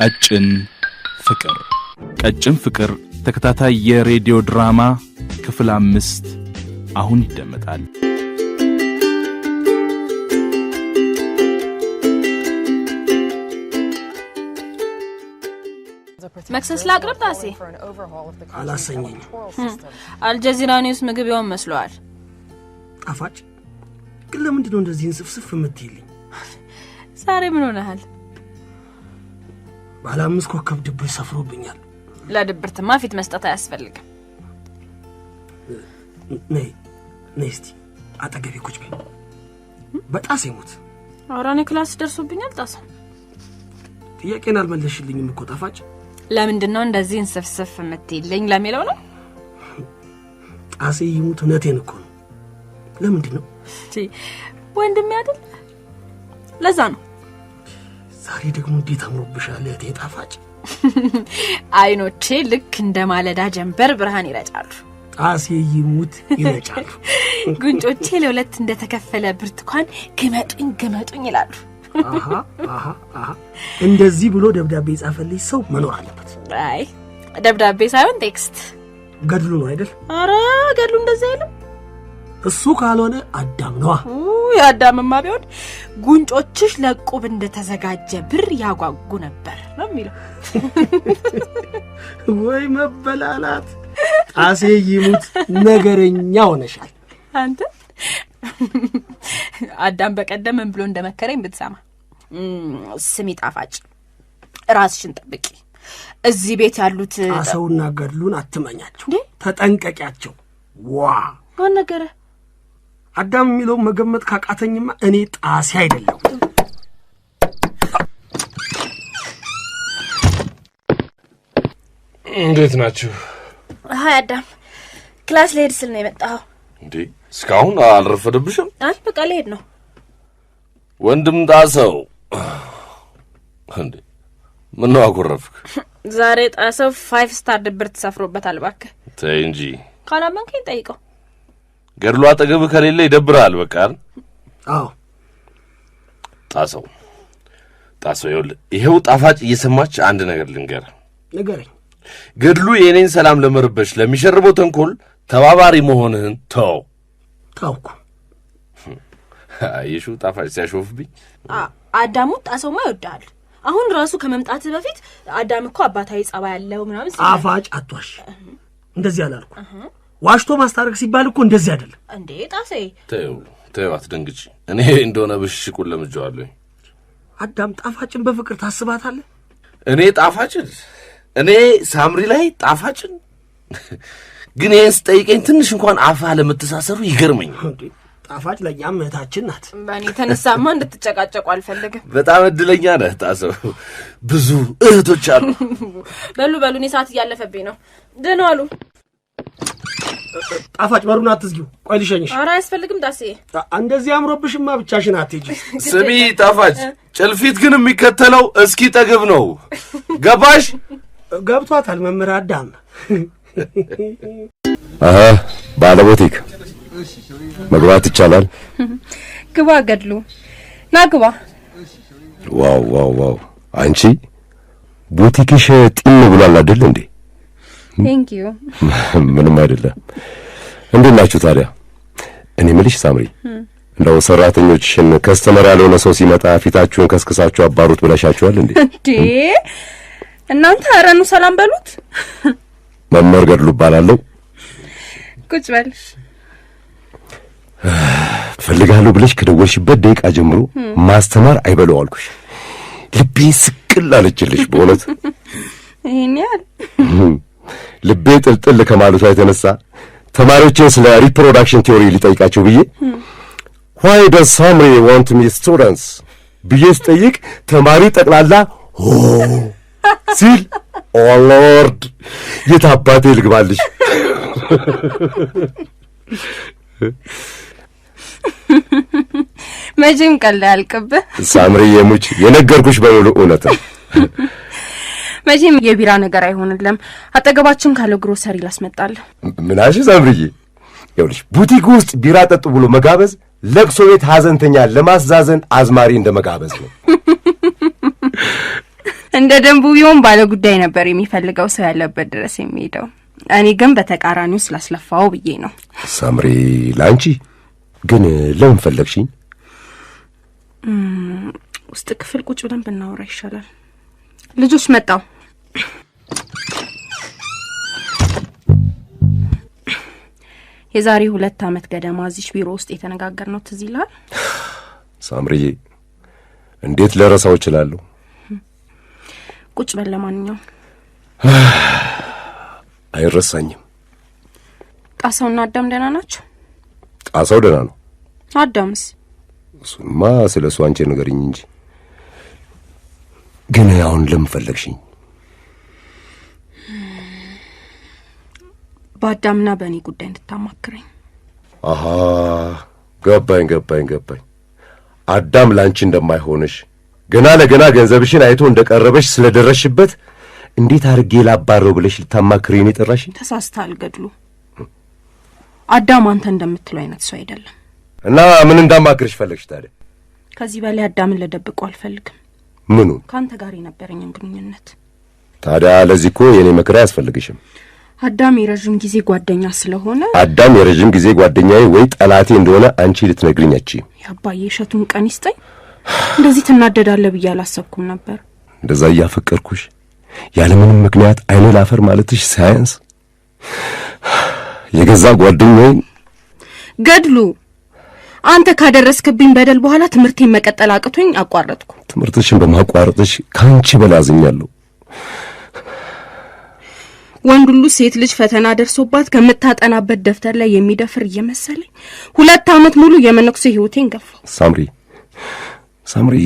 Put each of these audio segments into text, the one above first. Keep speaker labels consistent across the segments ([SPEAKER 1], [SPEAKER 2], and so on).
[SPEAKER 1] ቀጭን ፍቅር ቀጭን ፍቅር ተከታታይ የሬዲዮ ድራማ ክፍል አምስት አሁን ይደመጣል። መክሰስ ላቅርብ ታሴ? አላሰኘኝ። አልጀዚራ ኒውስ ምግብ ይሆን መስለዋል።
[SPEAKER 2] ጣፋጭ ግን ለምንድነው ነው እንደዚህን ስፍስፍ የምትይልኝ?
[SPEAKER 1] ዛሬ ምን ሆነሃል?
[SPEAKER 2] ባለ አምስት ኮከብ ድብር ሰፍሮብኛል።
[SPEAKER 1] ለድብርትማ ፊት መስጠት አያስፈልግም።
[SPEAKER 2] ነይ ነይ እስቲ አጠገቤ ቁጭ በይ። በጣሴ ሞት
[SPEAKER 1] አውራኔ ክላስ ደርሶብኛል። ጣሳ
[SPEAKER 2] ጥያቄን አልመለሽልኝም እኮ ጣፋጭ።
[SPEAKER 1] ለምንድን ነው እንደዚህ እንስፍስፍ የምትይልኝ? ለሚለው ነው።
[SPEAKER 2] ጣሴ ይሙት እውነቴን እኮ ነው። ለምንድን ነው
[SPEAKER 1] ወንድሜ አይደል? ለዛ ነው
[SPEAKER 2] ዛሬ ደግሞ እንዴት አምሮብሻል እህቴ ጣፋጭ።
[SPEAKER 1] አይኖቼ ልክ እንደ ማለዳ ጀንበር ብርሃን ይረጫሉ።
[SPEAKER 2] ጣሴ ይሙት ይረጫሉ።
[SPEAKER 1] ጉንጮቼ ለሁለት እንደተከፈለ ብርቱካን ግመጡኝ ግመጡኝ ይላሉ።
[SPEAKER 2] እንደዚህ ብሎ ደብዳቤ የጻፈልኝ ሰው መኖር አለበት።
[SPEAKER 1] አይ ደብዳቤ ሳይሆን ቴክስት። ገድሉ ነው አይደል? አረ ገድሉ እንደዚህ አይልም።
[SPEAKER 2] እሱ ካልሆነ አዳም ነዋ።
[SPEAKER 1] የአዳምማ ቢሆን ጉንጮችሽ ለቁብ እንደተዘጋጀ ብር ያጓጉ ነበር ነው የሚለው።
[SPEAKER 2] ወይ መበላላት! ጣሴ ይሙት ነገረኛ ሆነሻል
[SPEAKER 1] አንተ። አዳም በቀደም ምን ብሎ እንደመከረኝ ብትሰማ። ስሚ ጣፋጭ፣ ራስሽን ጠብቂ። እዚህ ቤት ያሉት
[SPEAKER 2] ሰውና ገድሉን አትመኛቸው፣ ተጠንቀቂያቸው። ዋ ነገረ አዳም የሚለው መገመት ካቃተኝማ እኔ ጣሴ አይደለም።
[SPEAKER 3] እንዴት ናችሁ?
[SPEAKER 1] ሀይ አዳም፣ ክላስ ልሄድ ስል ነው የመጣኸው
[SPEAKER 3] እንዴ? እስካሁን አልረፈደብሽም?
[SPEAKER 1] አይ በቃ ልሄድ ነው።
[SPEAKER 3] ወንድም ጣሰው እንዴ፣ ምነው አኮረፍክ?
[SPEAKER 1] ዛሬ ጣሰው ፋይቭ ስታር ድብር ተሳፍሮበታል። እባክህ ተይ እንጂ ካላመንከኝ ጠይቀው
[SPEAKER 3] ገድሎ አጠገብ ከሌለ ይደብራል። በቃ አዎ። ጣሰው ጣሰው፣ ይኸውልህ ይኸው ጣፋጭ እየሰማች አንድ ነገር ልንገር። ንገረኝ። ገድሉ የእኔን ሰላም ለመረበሽ ለሚሸርበው ተንኮል ተባባሪ መሆንህን ተው። ታውኩ። አየሹ ጣፋጭ ሲያሾፍብኝ።
[SPEAKER 1] አዳሙ ጣሰውማ ይወዳል። አሁን ራሱ ከመምጣት በፊት አዳም እኮ አባታዊ ጸባይ ያለው ምናምን።
[SPEAKER 2] ጣፋጭ አቷሽ፣ እንደዚህ አላልኩ ዋሽቶ ማስታረቅ ሲባል እኮ እንደዚህ አይደለም
[SPEAKER 1] እንዴ ጣሴ።
[SPEAKER 3] ተይው ተይው፣ አትደንግጭ። እኔ እንደሆነ ብሽሽቁን ለምጄዋለሁ።
[SPEAKER 2] አዳም ጣፋጭን በፍቅር ታስባታለህ?
[SPEAKER 3] እኔ ጣፋጭን እኔ ሳምሪ ላይ ጣፋጭን ግን ይህን ስጠይቀኝ ትንሽ እንኳን አፋ ለመተሳሰሩ ይገርመኝ።
[SPEAKER 2] ጣፋጭ ለእኛም እህታችን ናት።
[SPEAKER 1] በእኔ ተነሳማ እንድትጨቃጨቁ አልፈልግም።
[SPEAKER 3] በጣም እድለኛ ነህ ጣሰው፣ ብዙ እህቶች አሉ።
[SPEAKER 1] በሉ በሉ፣ እኔ ሰዓት እያለፈብኝ ነው። ደህና ዋሉ።
[SPEAKER 2] ጣፋጭ በሩን አትዝጊው። ቆይ ልሸኝሽ።
[SPEAKER 1] ኧረ አያስፈልግም ዳሴ፣
[SPEAKER 2] እንደዚህ አምሮብሽማ ብቻሽን አትሄጂ።
[SPEAKER 3] ስሚ ጣፋጭ፣ ጭልፊት ግን የሚከተለው እስኪ ጠግብ ነው። ገባሽ?
[SPEAKER 2] ገብቷታል መምህር አዳም።
[SPEAKER 3] አሀ ባለቦቲክ መግባት ይቻላል።
[SPEAKER 1] ግባ ገድሉ፣ ና ግባ።
[SPEAKER 3] ዋው ዋው ዋው! አንቺ ቡቲክሽ ጢም ብሏል አይደል እንዴ? ዩ ምንም አይደለም። እንዴት ናችሁ ታዲያ? እኔ ምልሽ ሳምሪ፣ እንደው ሰራተኞችሽን ከስተመር ያልሆነ ሰው ሲመጣ ፊታችሁን ከስክሳችሁ አባሩት ብለሻችኋል እንዴ?
[SPEAKER 1] እንዴ እናንተ አረኑ ሰላም በሉት።
[SPEAKER 3] መምህር ገድሉ እባላለሁ። ቁጭ በልሽ ፈልጋለሁ ብለሽ ከደወልሽበት ደቂቃ ጀምሮ ማስተማር አይበለው አልኩሽ። ልቤ ስቅል አለችልሽ በእውነት ይሄን ያህል ልቤ ጥልጥል ከማለቷ የተነሳ ተማሪዎችን ስለ ሪፕሮዳክሽን ቲዮሪ ሊጠይቃቸው ብዬ ዋይ ደ ሳምሪ ዋንት ሚ ስቱደንትስ ብዬ ስጠይቅ ተማሪ ጠቅላላ ሆ ሲል ኦሎርድ የት አባቴ ልግባልሽ?
[SPEAKER 1] መቼም ቀላ ያልቅብህ
[SPEAKER 3] ሳምሪ የሙች የነገርኩሽ በሙሉ እውነት ነው።
[SPEAKER 1] መቼም የቢራ ነገር አይሆንልም። አጠገባችን ካለ ግሮሰሪ ላስመጣል።
[SPEAKER 3] ምናሽ ሰብርዬ፣ ይኸውልሽ ቡቲክ ውስጥ ቢራ ጠጡ ብሎ መጋበዝ ለቅሶ ቤት ሐዘንተኛ ለማስዛዘን አዝማሪ እንደ መጋበዝ ነው።
[SPEAKER 1] እንደ ደንቡ ቢሆን ባለ ጉዳይ ነበር የሚፈልገው ሰው ያለበት ድረስ የሚሄደው። እኔ ግን በተቃራኒው ስላስለፋው ብዬ ነው።
[SPEAKER 3] ሳምሪ፣ ለአንቺ ግን ለምን ፈለግሽኝ?
[SPEAKER 1] ውስጥ ክፍል ቁጭ ብለን ብናወራ ይሻላል። ልጆች መጣው የዛሬ ሁለት አመት ገደማ እዚች ቢሮ ውስጥ የተነጋገር ነው ትዝ ይልሃል?
[SPEAKER 3] ሳምሪዬ እንዴት ልረሳው እችላለሁ?
[SPEAKER 1] ቁጭ በል። ለማንኛውም
[SPEAKER 3] አይረሳኝም።
[SPEAKER 1] ጣሰውና አዳም ደህና ናቸው?
[SPEAKER 3] ጣሰው ደህና ነው። አዳምስ? እሱማ ስለ እሱ አንቺ ንገሪኝ እንጂ። ግን አሁን ለምን ፈለግሽኝ?
[SPEAKER 1] በአዳምና በእኔ ጉዳይ እንድታማክረኝ።
[SPEAKER 3] አሀ ገባኝ ገባኝ ገባኝ። አዳም ላንቺ እንደማይሆንሽ ገና ለገና ገንዘብሽን አይቶ እንደቀረበሽ ስለደረሽበት እንዴት አድርጌ ላባረው ብለሽ ልታማክሪን የጠራሽ?
[SPEAKER 1] ተሳስተሃል ገድሉ። አዳም አንተ እንደምትለው አይነት ሰው አይደለም።
[SPEAKER 3] እና ምን እንዳማክርሽ ፈለግሽ ታዲያ?
[SPEAKER 1] ከዚህ በላይ አዳምን ለደብቆ አልፈልግም። ምኑ ከአንተ ጋር የነበረኝን ግንኙነት።
[SPEAKER 3] ታዲያ ለዚህ እኮ የእኔ መከራ አያስፈልግሽም።
[SPEAKER 1] አዳም የረዥም ጊዜ ጓደኛ ስለሆነ
[SPEAKER 3] አዳም የረዥም ጊዜ ጓደኛዬ ወይ ጠላቴ እንደሆነ አንቺ ልትነግሪኝ አትችይም።
[SPEAKER 1] የአባዬ እሸቱን ቀን ይስጠኝ። እንደዚህ ትናደዳለ ብዬ አላሰብኩም ነበር።
[SPEAKER 3] እንደዛ እያፈቀርኩሽ ያለምንም ምክንያት አይነ ላፈር ማለትሽ ሳያንስ የገዛ ጓደኛ
[SPEAKER 1] ገድሉ፣ አንተ ካደረስክብኝ በደል በኋላ ትምህርቴን መቀጠል አቅቶኝ አቋረጥኩ።
[SPEAKER 3] ትምህርትሽን በማቋረጥሽ ከአንቺ በላዝኛለሁ።
[SPEAKER 1] ወንድ ሁሉ ሴት ልጅ ፈተና ደርሶባት ከምታጠናበት ደብተር ላይ የሚደፍር እየመሰለኝ ሁለት ዓመት ሙሉ የመነኩሴ ህይወቴን ገፋው።
[SPEAKER 3] ሳምሪ ሳምሪ፣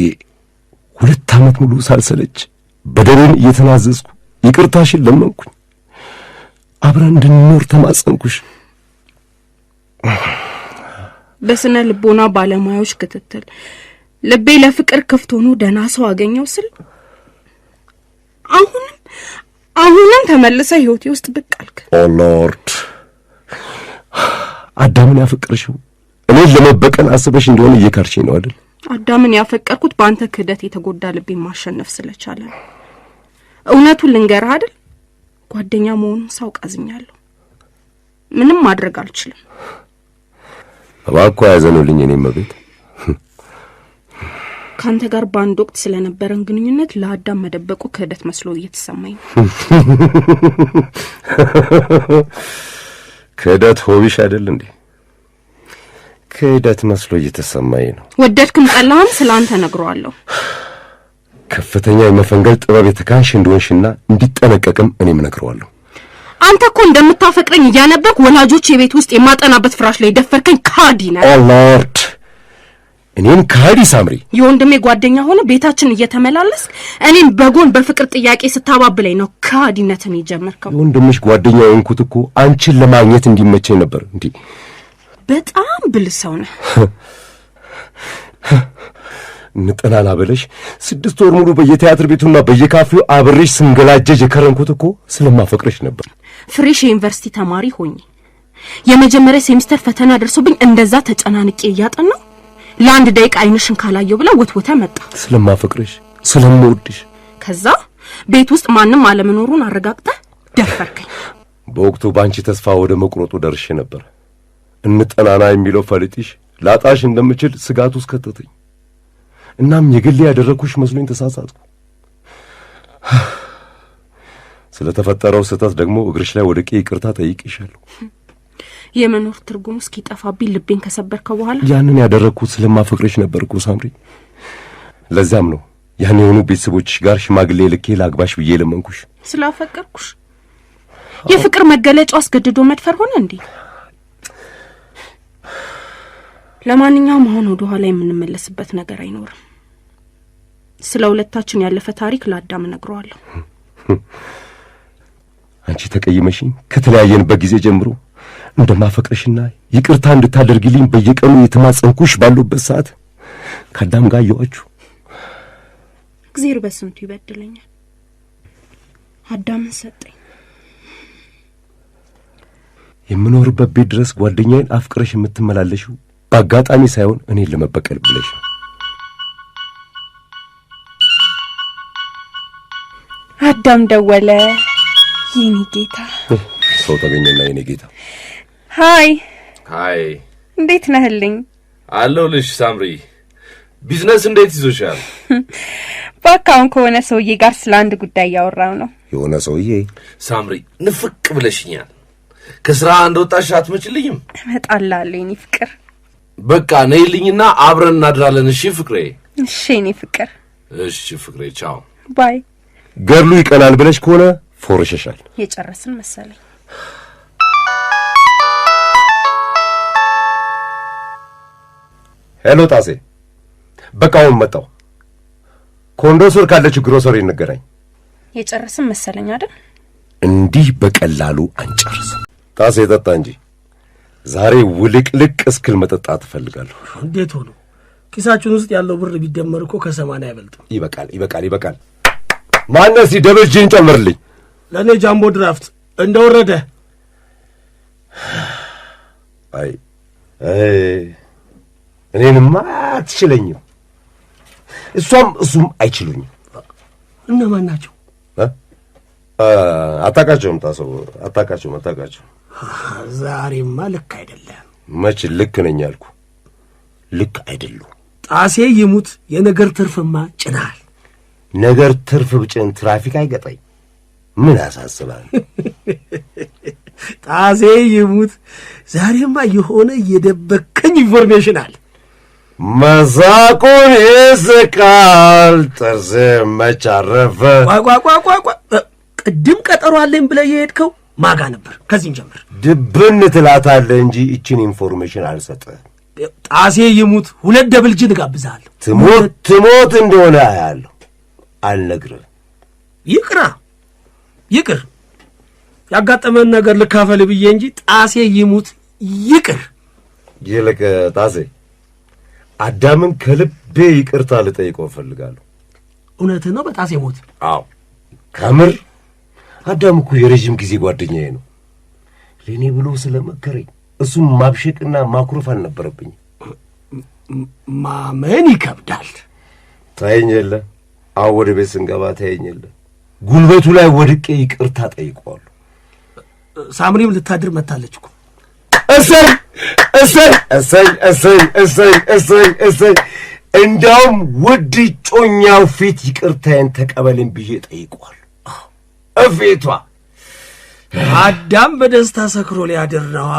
[SPEAKER 3] ሁለት ዓመት ሙሉ ሳልሰለች በደሌን እየተናዘዝኩ ይቅርታሽን ለመንኩኝ፣ አብረን እንድንኖር ተማጸንኩሽ።
[SPEAKER 1] በስነ ልቦና ባለሙያዎች ክትትል ልቤ ለፍቅር ክፍት ሆኖ ደህና ሰው አገኘው ስል አሁንም አሁንም ተመልሰ ህይወቴ ውስጥ ብቅ አልክ።
[SPEAKER 3] ኦ ሎርድ፣ አዳምን ያፈቀርሽው እኔን ለመበቀል አስበሽ እንደሆነ እየካድሽ ነው አይደል?
[SPEAKER 1] አዳምን ያፈቀርኩት በአንተ ክህደት የተጎዳ ልቤን ማሸነፍ ስለቻለ ነው። እውነቱን ልንገርህ አይደል፣ ጓደኛ መሆኑን ሳውቅ አዝኛለሁ። ምንም ማድረግ አልችልም።
[SPEAKER 3] እባክዎ ያዘኑልኝ። እኔ ቤት
[SPEAKER 1] ከአንተ ጋር በአንድ ወቅት ስለነበረን ግንኙነት ለአዳም መደበቁ ክህደት መስሎ እየተሰማኝ ነው።
[SPEAKER 3] ክህደት ሆቢሽ አይደል እንዴ? ክህደት መስሎ እየተሰማኝ ነው።
[SPEAKER 1] ወደድክም ጠላህም ስለ አንተ ነግረዋለሁ።
[SPEAKER 3] ከፍተኛ የመፈንገል ጥበብ የተካንሽ እንደሆንሽና እንዲጠነቀቅም እኔም ነግረዋለሁ።
[SPEAKER 1] አንተ እኮ እንደምታፈቅረኝ እያነበርክ ወላጆች የቤት ውስጥ የማጠናበት ፍራሽ ላይ ደፈርከኝ። ካዲ ነ
[SPEAKER 3] ኦሎርድ እኔን ከሃዲ ሳምሪ
[SPEAKER 1] የወንድሜ ጓደኛ ሆነ ቤታችን እየተመላለስክ እኔን በጎን በፍቅር ጥያቄ ስታባብለኝ ነው ከሃዲነትን የጀመርከው።
[SPEAKER 3] የወንድምሽ ጓደኛ የሆንኩት እኮ አንቺን ለማግኘት እንዲመቸኝ ነበር። እንዲ
[SPEAKER 1] በጣም ብል ሰው ነህ።
[SPEAKER 3] እንጠናና ብለሽ ስድስት ወር ሙሉ በየቲያትር ቤቱና በየካፌው አብሬሽ ስንገላጀጅ የከረምኩት እኮ ስለማፈቅረሽ ነበር።
[SPEAKER 1] ፍሬሽ የዩኒቨርሲቲ ተማሪ ሆኜ የመጀመሪያ ሴሚስተር ፈተና ደርሶብኝ እንደዛ ተጨናንቄ እያጠናው ለአንድ ደቂቃ አይንሽን ካላየው ብለ ወትወተ መጣ።
[SPEAKER 3] ስለማፈቅርሽ ስለምወድሽ።
[SPEAKER 1] ከዛ ቤት ውስጥ ማንም አለመኖሩን አረጋግጠ ደፈርከኝ።
[SPEAKER 3] በወቅቱ በአንቺ ተስፋ ወደ መቁረጡ ደርሼ ነበር። እንጠናና የሚለው ፈልጥሽ ላጣሽ እንደምችል ስጋት ውስጥ ከተተኝ። እናም የግሌ ያደረግኩሽ መስሎኝ ተሳሳትኩ። ስለተፈጠረው ስህተት ደግሞ እግርሽ ላይ ወድቄ ይቅርታ አለው።
[SPEAKER 1] የመኖር ትርጉሙ እስኪጠፋብኝ ልቤን ከሰበርከው በኋላ
[SPEAKER 3] ያንን ያደረግኩት ስለማፈቅረች ነበርኩ ሳምሪ። ለዛም ነው ያን የሆኑ ቤተሰቦች ጋር ሽማግሌ ልኬ ላግባሽ ብዬ ለመንኩሽ።
[SPEAKER 1] ስላፈቀርኩሽ የፍቅር መገለጫው አስገድዶ መድፈር ሆነ እንዴ? ለማንኛውም አሁን ወደ ኋላ የምንመለስበት ነገር አይኖርም። ስለ ሁለታችን ያለፈ ታሪክ ለአዳም እነግረዋለሁ።
[SPEAKER 3] አንቺ ተቀይመሽኝ ከተለያየንበት ጊዜ ጀምሮ እንደማፈቅርሽና ይቅርታ እንድታደርግልኝ በየቀኑ የተማጸንኩሽ ባሉበት ሰዓት ከአዳም ጋር አየኋችሁ።
[SPEAKER 1] እግዜር በስንቱ ይበድለኛል። አዳምን ሰጠኝ።
[SPEAKER 3] የምኖርበት ቤት ድረስ ጓደኛዬን አፍቅረሽ የምትመላለሽው በአጋጣሚ ሳይሆን እኔን ለመበቀል ብለሽ።
[SPEAKER 1] አዳም ደወለ። የኔ ጌታ
[SPEAKER 3] ሰው ተገኘና የኔ ጌታ ሀይ ሀይ፣
[SPEAKER 1] እንዴት ነህልኝ?
[SPEAKER 3] አለሁልሽ ሳምሪ። ቢዝነስ እንዴት ይዞሻል?
[SPEAKER 1] ባካሁን ከሆነ ሰውዬ ጋር ስለ አንድ ጉዳይ እያወራው ነው።
[SPEAKER 3] የሆነ ሰውዬ? ሳምሪ ንፍቅ ብለሽኛል። ከስራ እንደወጣሽ አትመጭልኝም?
[SPEAKER 1] እመጣላለሁ የኔ ፍቅር።
[SPEAKER 3] በቃ ነይልኝና አብረን እናድራለን። እሺ ፍቅሬ።
[SPEAKER 1] እሺ የኔ ፍቅር።
[SPEAKER 3] እሺ ፍቅሬ፣ ቻው ባይ። ገድሉ ይቀናል ብለሽ ከሆነ ፎርሸሻል።
[SPEAKER 1] የጨረስን መሰለኝ።
[SPEAKER 3] ሄሎ ጣሴ፣ በቃ አሁን መጣሁ። ኮንዶ ስር ካለችው ግሮሰሪ እንገናኝ።
[SPEAKER 1] የጨረስም መሰለኝ አይደል?
[SPEAKER 3] እንዲህ በቀላሉ አንጨርስም። ጣሴ ጠጣ እንጂ ዛሬ ውልቅልቅ እስክል መጠጣት እፈልጋለሁ።
[SPEAKER 2] እንዴት ሆኖ ኪሳችን ውስጥ ያለው ብር ቢደመር እኮ ከሰማንያ አይበልጥም።
[SPEAKER 3] ይበቃል፣ ይበቃል፣ ይበቃል። ማነስ ደበጅን ጨምርልኝ።
[SPEAKER 2] ለእኔ ጃምቦ ድራፍት እንደወረደ
[SPEAKER 3] አይ እኔንማ አትችለኝም፣ እሷም እሱም አይችሉኝም።
[SPEAKER 1] እነማን ናቸው?
[SPEAKER 3] አታውቃቸውም? ታሰቡ አታውቃቸውም? አታውቃቸው።
[SPEAKER 1] ዛሬማ ልክ አይደለም።
[SPEAKER 3] መች ልክ ነኝ አልኩ? ልክ አይደሉ።
[SPEAKER 2] ጣሴ ይሙት የነገር ትርፍማ ጭናል።
[SPEAKER 3] ነገር ትርፍ ብጭን ትራፊክ አይገጠኝ ምን ያሳስባል?
[SPEAKER 2] ጣሴ ይሙት ዛሬማ የሆነ የደበከኝ ኢንፎርሜሽን አለ።
[SPEAKER 3] መዛቁን ይዝቃል ጥርዝ መች አረፈ።
[SPEAKER 2] ቅድም ቀጠሮ አለኝ ብለህ የሄድከው ማጋ ነበር። ከዚህም ጀምር
[SPEAKER 3] ድብን ትላታለህ እንጂ ይችን ኢንፎርሜሽን አልሰጥህም።
[SPEAKER 2] ጣሴ ይሙት ሁለት ደብልጅን እጋብዝሃለሁ።
[SPEAKER 3] ትሞት ትሞት እንደሆነ አያለሁ። አልነግርህም።
[SPEAKER 2] ይቅራ ይቅር። ያጋጠመን ነገር ልካፈል ብዬ እንጂ ጣሴ ይሙት ይቅር።
[SPEAKER 3] ይልቅ ጣሴ አዳምን ከልቤ ይቅርታ ልጠይቀው እፈልጋለሁ።
[SPEAKER 2] እውነትህ ነው በጣሴ ሞት።
[SPEAKER 3] አዎ ከምር አዳም እኮ የረዥም ጊዜ ጓደኛዬ ነው። ለእኔ ብሎ ስለመከረኝ እሱም ማብሸቅና ማኩረፍ አልነበረብኝ።
[SPEAKER 2] ማመን ይከብዳል።
[SPEAKER 3] ታየኝ የለ አሁን ወደ ቤት ስንገባ ታየኝ የለ ጉልበቱ ላይ ወድቄ ይቅርታ ጠይቀዋለሁ።
[SPEAKER 2] ሳምሪም ልታድር መታለች እኮ
[SPEAKER 3] እሰር እሰይ እሰይ እሰይ እሰይ እሰይ እሰይ። እንዲያውም ውድ ጮኛው ፊት ይቅርታዬን ተቀበልን ብዬ ጠይቋል። እፊቷ
[SPEAKER 2] አዳም በደስታ ሰክሮ ሊያድርነዋ።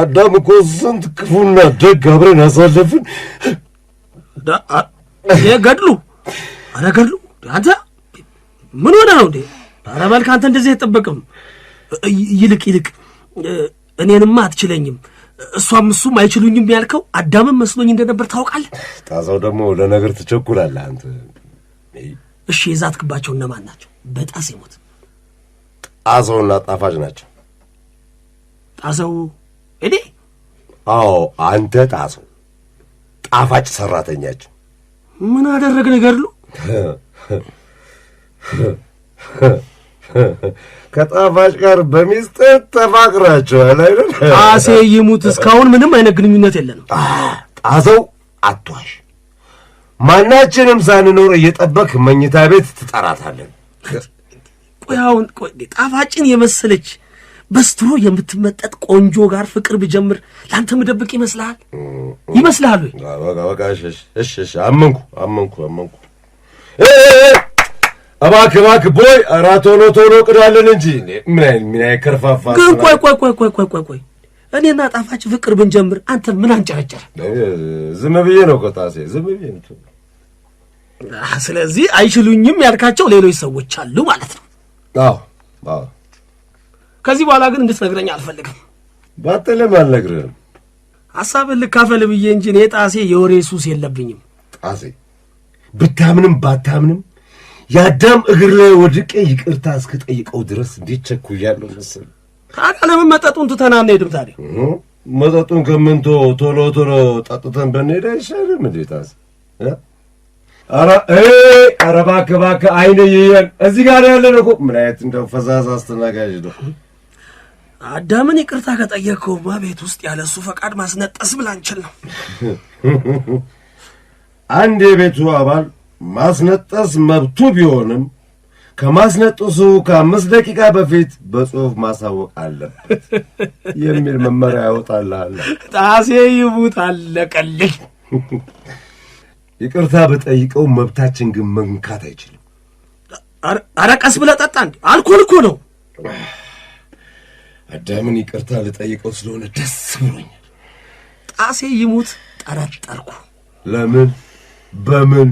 [SPEAKER 3] አዳም እኮ ስንት ክፉና ደግ አብረን ያሳለፍን።
[SPEAKER 2] ገድሉ አረ ገድሉ አንተ ምን ሆነ ነው እንዴ? አረ መልክ አንተ እንደዚህ አይጠበቅም። ይልቅ ይልቅ እኔንማ አትችለኝም እሷም እሱም አይችሉኝም ያልከው አዳምን መስሎኝ እንደነበር ታውቃለህ።
[SPEAKER 3] ጣሳው ደግሞ ለነገር ትቸኩላለህ አንተ።
[SPEAKER 2] እሺ የዛትክባቸው እነማን ናቸው? በጣስ ሞት
[SPEAKER 3] ጣሰውና ጣፋጭ ናቸው።
[SPEAKER 2] ጣሰው እኔ?
[SPEAKER 3] አዎ አንተ ጣሰው፣ ጣፋጭ ሰራተኛቸው።
[SPEAKER 2] ምን አደረግ ነገር ሉ
[SPEAKER 3] ከጣፋጭ ጋር በሚስጥር ተፋቅራችኋል አይደል?
[SPEAKER 2] ጣሴ ይሙት እስካሁን ምንም አይነት ግንኙነት የለንም።
[SPEAKER 3] ጣሰው አትዋሽ። ማናችንም ሳንኖር እየጠበክ መኝታ ቤት ትጠራታለን።
[SPEAKER 2] ቆያውን ቆይ ጣፋጭን የመሰለች በስትሮ የምትመጠጥ ቆንጆ ጋር ፍቅር ብጀምር ለአንተ ምደብቅ ይመስልሃል? ይመስልሃል ወይ?
[SPEAKER 3] በቃ በቃ። እሺ እሺ፣ አመንኩ አመንኩ አመንኩ። እባክህ እባክህ ቦይ፣ ኧረ ቶሎ ቶሎ ቅዳለን እንጂ። ምን አይነት ከርፋፋ!
[SPEAKER 2] ግን ቆይ ቆይ ቆይ ቆይ ቆይ ቆይ ቆይ እኔና ጣፋጭ ፍቅር ብንጀምር አንተ ምን አንጨረጨረ?
[SPEAKER 3] ዝም ብዬ ነው ቆጣሴ፣ ዝም ብዬ ነው።
[SPEAKER 2] ስለዚህ አይችሉኝም ያልካቸው ሌሎች ሰዎች አሉ ማለት ነው?
[SPEAKER 3] አዎ አዎ።
[SPEAKER 2] ከዚህ በኋላ ግን እንድትነግረኝ አልፈልግም።
[SPEAKER 3] ባጠለም አልነግርህም።
[SPEAKER 2] ሐሳብህን ልካፈል ብዬ እንጂ እኔ ጣሴ የወሬ ሱስ የለብኝም።
[SPEAKER 3] ጣሴ ብታምንም ባታምንም የአዳም እግር ላይ ወድቄ ይቅርታ እስክጠይቀው ድረስ እንዴት ቸኩያለሁ መሰለህ።
[SPEAKER 2] ታዲያ ለምን መጠጡን ትተን አንሄድም? ታዲያ
[SPEAKER 3] መጠጡን ከምንቶ ቶሎ ቶሎ ጠጥተን ብንሄድ አይሻልም? እንዴት አስ ኧረ እባክህ እባክህ፣ አይነ ይየን እዚህ ጋር ያለን እኮ ምን አይነት እንደው ፈዛዛ አስተናጋጅ ነው።
[SPEAKER 2] አዳምን ይቅርታ ከጠየቅከውማ ቤት ውስጥ ያለ እሱ ፈቃድ ማስነጠስ ብላንችል ነው።
[SPEAKER 3] አንድ የቤቱ አባል ማስነጠስ መብቱ ቢሆንም ከማስነጠሱ ከአምስት ደቂቃ በፊት በጽሁፍ ማሳወቅ አለበት የሚል መመሪያ ያወጣልሃል።
[SPEAKER 2] ጣሴ ይሙት አለቀልኝ።
[SPEAKER 3] ይቅርታ በጠይቀው መብታችን ግን መንካት አይችልም።
[SPEAKER 2] ኧረ ቀስ ብለህ ጠጣ። አልኮል እኮ ነው።
[SPEAKER 3] አዳምን ይቅርታ ልጠይቀው ስለሆነ ደስ ብሎኛል።
[SPEAKER 2] ጣሴ ይሙት ጠረጠርኩ።
[SPEAKER 3] ለምን በምን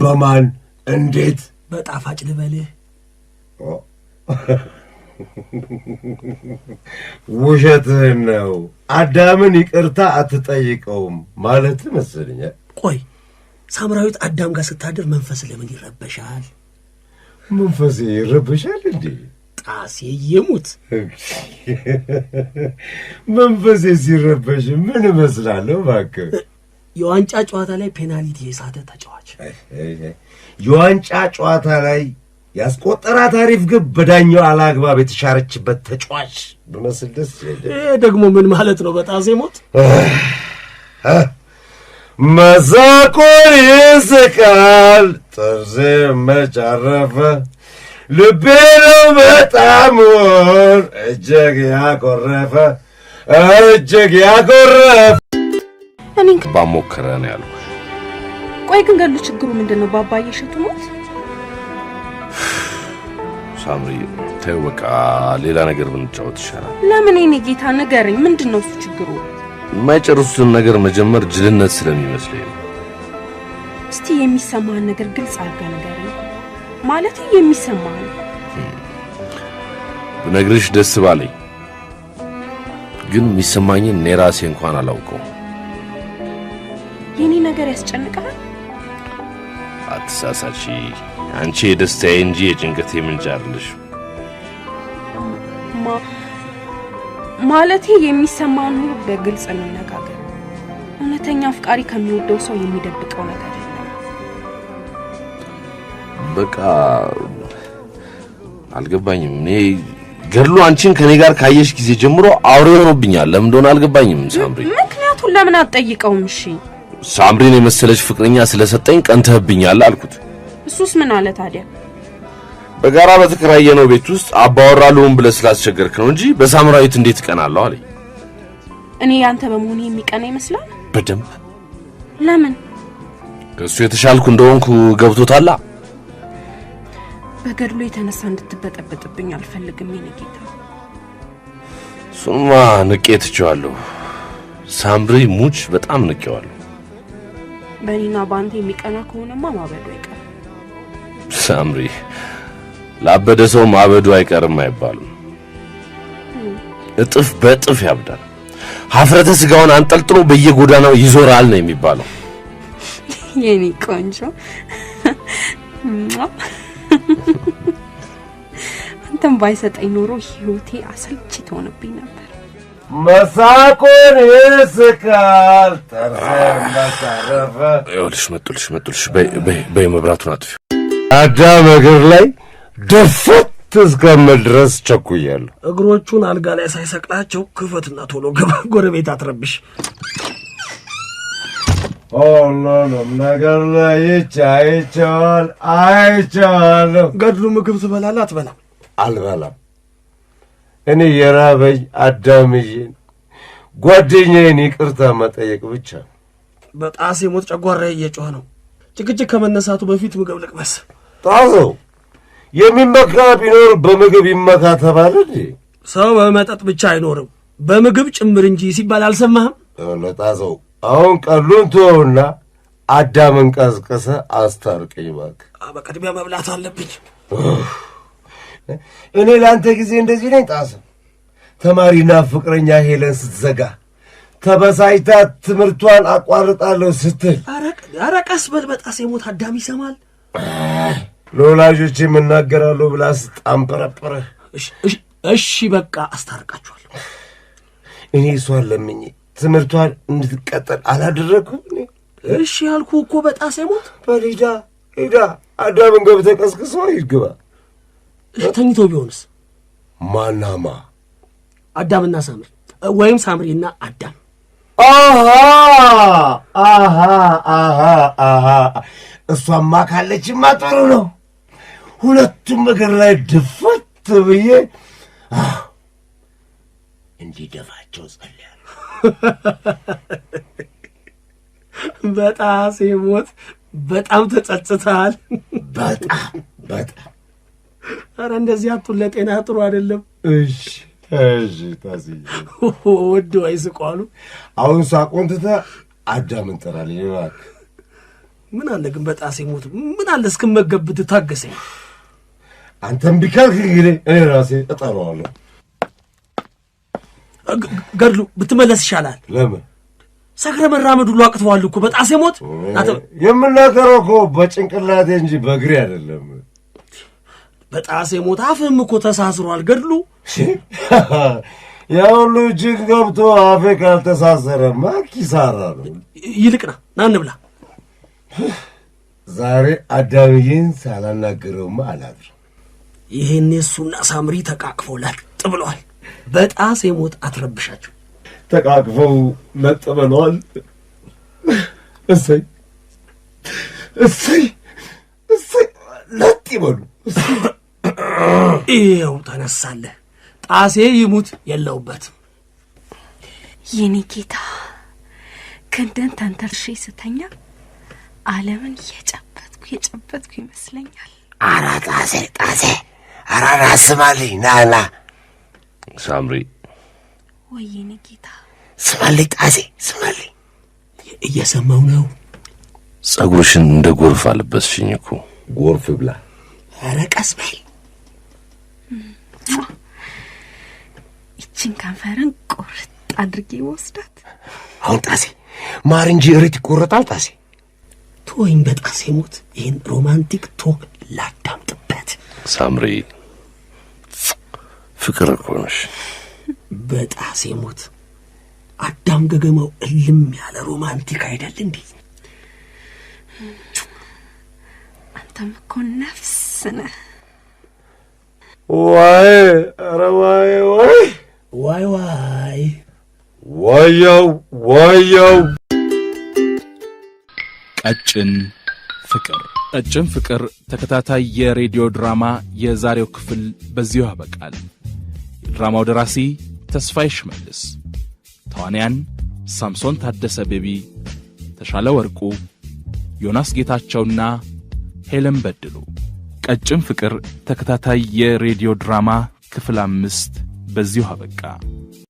[SPEAKER 3] በማን እንዴት
[SPEAKER 2] በጣፋጭ ልበልህ?
[SPEAKER 3] ውሸትህን ነው። አዳምን ይቅርታ አትጠይቀውም ማለት መሰለኛል።
[SPEAKER 2] ቆይ ሳምራዊት አዳም ጋር ስታድር መንፈስ ለምን ይረበሻል?
[SPEAKER 3] መንፈሴ ይረበሻል እንዴ?
[SPEAKER 2] ጣሴ ይሙት
[SPEAKER 3] መንፈሴ ሲረበሽ ምን እመስላለሁ? እባክህ
[SPEAKER 2] የዋንጫ ጨዋታ ላይ ፔናልቲ የሳተ ተጫዋች
[SPEAKER 3] የዋንጫ ጨዋታ ላይ ያስቆጠራ ታሪፍ ግብ በዳኛው አላግባብ የተሻረችበት ተጫዋች ብመስል ደስ
[SPEAKER 2] ይሄ ደግሞ ምን ማለት ነው? በጣሴ ሞት
[SPEAKER 3] መሳቁን ይስቃል ጥርሴ መጫረፈ አረፈ ልቤ ነው በጣም እጅግ ያኮረፈ እጅግ ያኮረፈ
[SPEAKER 2] እኔን ባሞከረ ነው ያልኩ።
[SPEAKER 1] ቆይ ግን ገሉ ችግሩ ምንድን ነው? በአባዬ እሸቱ ሞት
[SPEAKER 3] ሳምሪ ተይው በቃ ሌላ ነገር ብንጫወት ይሻላል።
[SPEAKER 1] ለምን? እኔ ጌታ ንገረኝ፣ ምንድን ነው እሱ ችግሩ?
[SPEAKER 3] የማይጨርሱትን ነገር መጀመር ጅልነት ስለሚመስለኝ ነው።
[SPEAKER 1] እስቲ የሚሰማህን ነገር ግልጽ አድርገህ ንገረኝ። ማለት የሚሰማህን
[SPEAKER 3] ብነግርሽ ደስ ባለኝ፣ ግን የሚሰማኝን እኔ ራሴ እንኳን አላውቀውም።
[SPEAKER 1] የኔ ነገር ያስጨንቃል?
[SPEAKER 3] አትሳሳቺ። አንቺ የደስታዬ እንጂ የጭንቀቴ ምንጭ አይደለሽ።
[SPEAKER 1] ማለቴ የሚሰማን ሁሉ በግልጽ እንነጋገር። እውነተኛ አፍቃሪ ከሚወደው ሰው የሚደብቀው ነገር
[SPEAKER 3] በቃ አልገባኝም። እኔ ገድሉ አንቺን ከኔ ጋር ካየሽ ጊዜ ጀምሮ አውሬ ሆኖብኛል። ለምን እንደሆነ አልገባኝም። ሳምሪ
[SPEAKER 1] ምክንያቱን ለምን አትጠይቀውም? እሺ
[SPEAKER 3] ሳምሪን የመሰለች ፍቅረኛ ስለሰጠኝ ቀንተህብኛል አልኩት።
[SPEAKER 1] እሱስ ምን አለ ታዲያ?
[SPEAKER 3] በጋራ በተከራየነው ቤት ውስጥ አባወራ ልሁን ብለህ ስላስቸገርክ ነው እንጂ በሳምራዊት እንዴት እቀናለሁ አለኝ።
[SPEAKER 1] እኔ ያንተ በመሆን የሚቀና ይመስላል? በደንብ ለምን?
[SPEAKER 3] ከእሱ የተሻልኩ እንደሆንኩ ገብቶታላ።
[SPEAKER 1] በገድሎ የተነሳ እንድትበጠበጥብኝ አልፈልግም ይነጌታ
[SPEAKER 3] ሱማ እሱማ ንቄ ሳምሪ ሙች በጣም ንቄዋለሁ።
[SPEAKER 1] በእኔና በአንተ የሚቀና ከሆነማ ማበዱ አይቀርም።
[SPEAKER 3] ሳምሪ፣ ላበደ ሰው ማበዱ አይቀርም አይባልም። እጥፍ በእጥፍ ያብዳል። ሀፍረተ ስጋውን አንጠልጥሎ በየጎዳናው ይዞራል ነው የሚባለው።
[SPEAKER 1] የኔ ቆንጆ አንተም ባይሰጠኝ ኖሮ ህይወቴ አሰልችት ሆነብኝ ነበር።
[SPEAKER 3] መሳቁን ይስቃል ጠርሴን ይኸውልሽ መጡልሽ መጡልሽ። በይ መብራቱን አጥፊ። አዳም እግር ላይ ደፈት እስከምል ድረስ ቸኩያለሁ።
[SPEAKER 2] እግሮቹን አልጋ ላይ ሳይሰቅላቸው ክፈትና ቶሎ ገባ። ጎረቤት አትረብሽ።
[SPEAKER 3] ሁሉንም ነገር ለይቼ አይቼዋለሁ አይቼዋለሁ።
[SPEAKER 2] ገድሉ ምግብ ትበላለህ አትበላም?
[SPEAKER 3] አልበላም እኔ የራበኝ አዳምዬን ጓደኛዬን ይቅርታ መጠየቅ ብቻ
[SPEAKER 2] በጣሴ ሞት ጨጓራዬ እየጮኸ ነው። ጭቅጭቅ ከመነሳቱ በፊት ምግብ ልቅመስ።
[SPEAKER 3] ጣሰው የሚመካ ቢኖር በምግብ ይመካ ተባለ
[SPEAKER 2] ሰው በመጠጥ ብቻ አይኖርም በምግብ ጭምር እንጂ ሲባል አልሰማህም?
[SPEAKER 3] ለጣሰው አሁን ቀሉን ትወውና አዳምን ቀዝቀሰ አስታርቀኝ እባክህ።
[SPEAKER 2] በቅድሚያ መብላት አለብኝ።
[SPEAKER 3] እኔ ለአንተ ጊዜ እንደዚህ ነኝ። ጣስም ተማሪና ፍቅረኛ ሄለን ስትዘጋ ተበሳጭታ ትምህርቷን አቋርጣለሁ ስትል፣
[SPEAKER 2] ኧረ ቀስ በል በጣሴ ሞት አዳም ይሰማል።
[SPEAKER 3] ለወላጆች የምናገራለሁ ብላ ስታንበረበረ፣
[SPEAKER 2] እሺ በቃ አስታርቃችኋለሁ።
[SPEAKER 3] እኔ እሷን ለምኝ ትምህርቷን እንድትቀጠል አላደረግኩም።
[SPEAKER 2] እሺ ያልኩ እኮ በጣሴ ሞት
[SPEAKER 3] በል ሂዳ ሂዳ አዳምን ገብተህ ቀስቅሰው ይግባ
[SPEAKER 2] ተኝቶ ቢሆንስ? ማናማ አዳምና ሳምሪ ወይም ሳምሪና አዳም።
[SPEAKER 3] እሷማ ካለችማ ጥሩ ነው። ሁለቱም እግር ላይ ድፈት ብዬ እንዲደፋቸው ጸልያለሁ።
[SPEAKER 2] በጣም ሲሞት በጣም ተጸጽተሃል።
[SPEAKER 3] በጣም በጣም
[SPEAKER 2] አረ እንደዚህ አቱን ለጤና ጥሩ አይደለም።
[SPEAKER 3] እሺ እሺ፣ ታስዬ
[SPEAKER 2] ወዶ አይስቁ
[SPEAKER 3] አሁን ሳቆን ትተህ አዳምን ጥራልኝ ይላል።
[SPEAKER 2] ምን አለ ግን በጣሴ ሞት ምን አለ እስክመገብ ትታገሰኝ።
[SPEAKER 3] አንተም ቢካልክ እንግዲህ እኔ ራሴ እጠራዋለሁ።
[SPEAKER 2] ገድሉ ብትመለስ ይሻላል። ለምን ሰክረ መራመድ ሁሉ አቅተዋል እኮ በጣሴ ሞት።
[SPEAKER 3] የምናገረው እኮ በጭንቅላቴ እንጂ በእግሬ አይደለም።
[SPEAKER 2] በጣሴ ሞት አፍህም እኮ ተሳስሯል ገድሉ።
[SPEAKER 3] ያ ሁሉ እጅግ ገብቶ አፌ ካልተሳሰረማ ኪሳራ ነው።
[SPEAKER 2] ይልቅና ና እንብላ።
[SPEAKER 3] ዛሬ አዳምዬን ሳላናግረውማ አላድር።
[SPEAKER 2] ይህን እሱና ሳምሪ ተቃቅፈው ለጥ ብለዋል። በጣሴ ሞት አትረብሻቸው።
[SPEAKER 3] ተቃቅፈው ለጥ ብለዋል። እሰይ እሰይ እሰይ፣ ለጥ ይበሉ።
[SPEAKER 2] ይኸው ተነሳለህ። ጣሴ ይሙት የለውበትም።
[SPEAKER 1] የኔ ጌታ ክንደን ተንተርሼ ስተኛ አለምን የጨበጥኩ የጨበጥኩ ይመስለኛል።
[SPEAKER 3] አራ ጣሴ ጣሴ አራ ናስማልኝ ናና ሳምሪ
[SPEAKER 1] ወይ የኔ ጌታ
[SPEAKER 3] ስማልኝ ጣሴ ስማልኝ።
[SPEAKER 2] እየሰማው ነው።
[SPEAKER 3] ጸጉርሽን እንደ ጎርፍ አለበስሽኝ እኮ ጎርፍ ብላ።
[SPEAKER 2] ኧረ ቀስ በይ
[SPEAKER 1] ይችን ከንፈርን ቁርጥ አድርጌ ወስዳት።
[SPEAKER 2] አሁን ጣሴ ማር እንጂ እሬት ይቆረጣል። ጣሴ ተወኝ፣ በጣሴ ሞት ይህን ሮማንቲክ ቶክ ላዳምጥበት።
[SPEAKER 3] ሳምሪ ፍቅር እኮ ነሽ።
[SPEAKER 2] በጣሴ ሞት አዳም ገገመው እልም ያለ ሮማንቲክ አይደል እንዴ?
[SPEAKER 1] አንተም እኮ ነፍስ ነህ።
[SPEAKER 3] ዋይ ኧረ ዋይ
[SPEAKER 2] ዋይ ዋይ
[SPEAKER 3] ዋይ ዋያው
[SPEAKER 4] ቀጭን ፍቅር ቀጭን ፍቅር ተከታታይ የሬዲዮ ድራማ የዛሬው ክፍል በዚሁ ያበቃል። የድራማው ደራሲ ተስፋዬ ሽመልስ፣ ተዋንያን ሳምሶን ታደሰ፣ ቤቢ ተሻለ ወርቁ፣ ዮናስ ጌታቸውና ሄለን በድሉ ቀጭን ፍቅር ተከታታይ የሬዲዮ ድራማ ክፍል አምስት በዚሁ አበቃ።